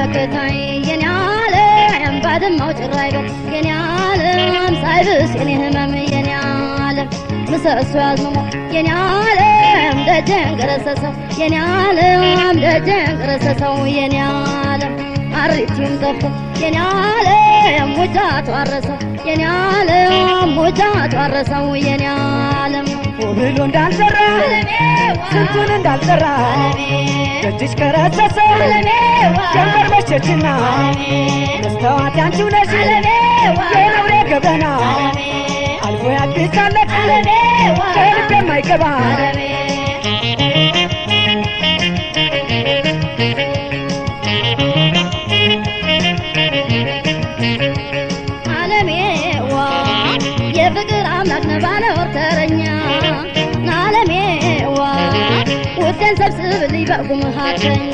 ተከታይ የኔ ዓለም ባድማው ጭራይ በል የኔ ዓለም ሳይብስ የኔ ህመም የኔ ዓለም ምሰሶ ያዝመሞ የኔ ዓለም ደጀን ገረሰሰው የኔ ዓለም ደጀን ገረሰሰው የኔ ዓለም አሪቲም ጠፍቶ የኔ ዓለም ሙጫ ተዋረሰው የኔ ዓለም ሙጫ ተዋረሰው የኔ ዓለም ብሎ እንዳልሰራ ስንቱን እንዳልሰራ ደጅሽ ከረሰሰ ጀንበር መሸችና መስተዋት አንቺው ነሽ የነውሬ ገበና አልፎ ያግዛለት ከልብ የማይገባ سبسب لي بقكم هاتشين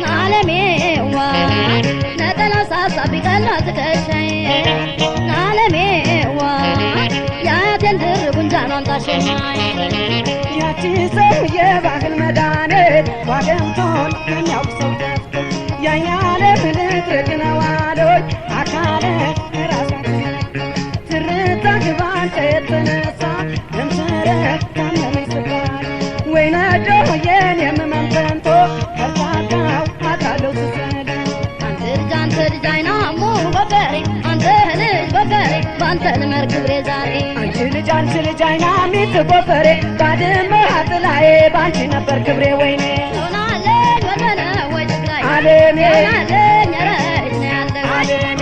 نعلمي وا نتلا صاصا بقلا تكشين نعلمي وا يا تندر بنجان انطشين يا تيسو يا باغ المدانة واقمتون من يوصل يا يالم لتركنا والوي عكالة راسك ترتك بانت يتنسى አንተ መርክብሬ ዛሬ አንቺ ልጅ አንቺ ልጅ አይና ሚት ጎፈሬ ባድመ አጥላዬ ባንቺ ነበር ክብሬ ወይኔ ሆናለ ወልመነ ወይ ትግራይ አለሜ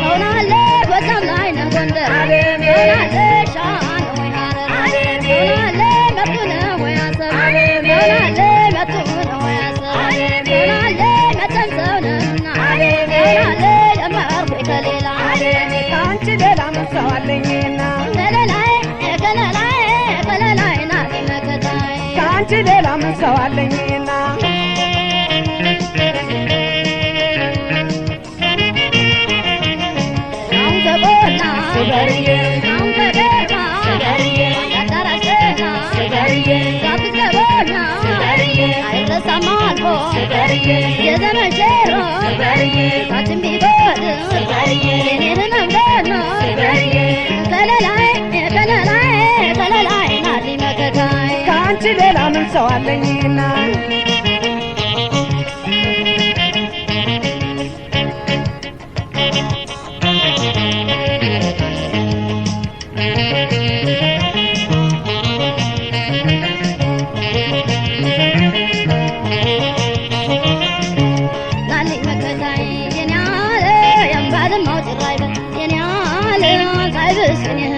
ሆናለኝ በዛም ላይ ነን ጎንደር ሆናለ காஞ்சி லேலாம் சவாலைங்கண்ணா சுகரியே சமான் போ சேரும் பச்சை ከአንቺ ሌላ ምን ሰው አለኝና Yeah.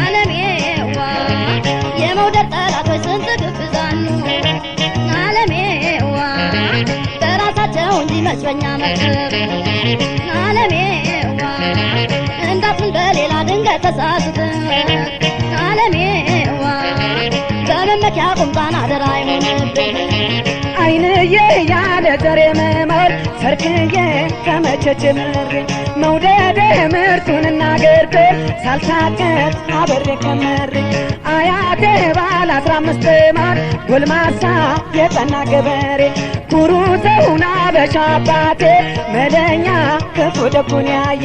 አለሜዋ የመውደድ ጠላቶች ስንት ግብዛኑ አለሜዋ በራሳቸው እንጂ በሌላ ድንጋይ ተሳስት አለሜዋ በመመኪያ ቁምጣን አደራ የገጠር መማር ሰርክዬ ተመቸች ምር መውደድ ምርቱን እናገርት ሳልታቀት አበሬ ከመር አያቴ ባል አስራ አምስት ማር ጎልማሳ የጠና ገበሬ ኩሩ ሰውን አበሻ አባቴ ክፉ ደጉን ያየ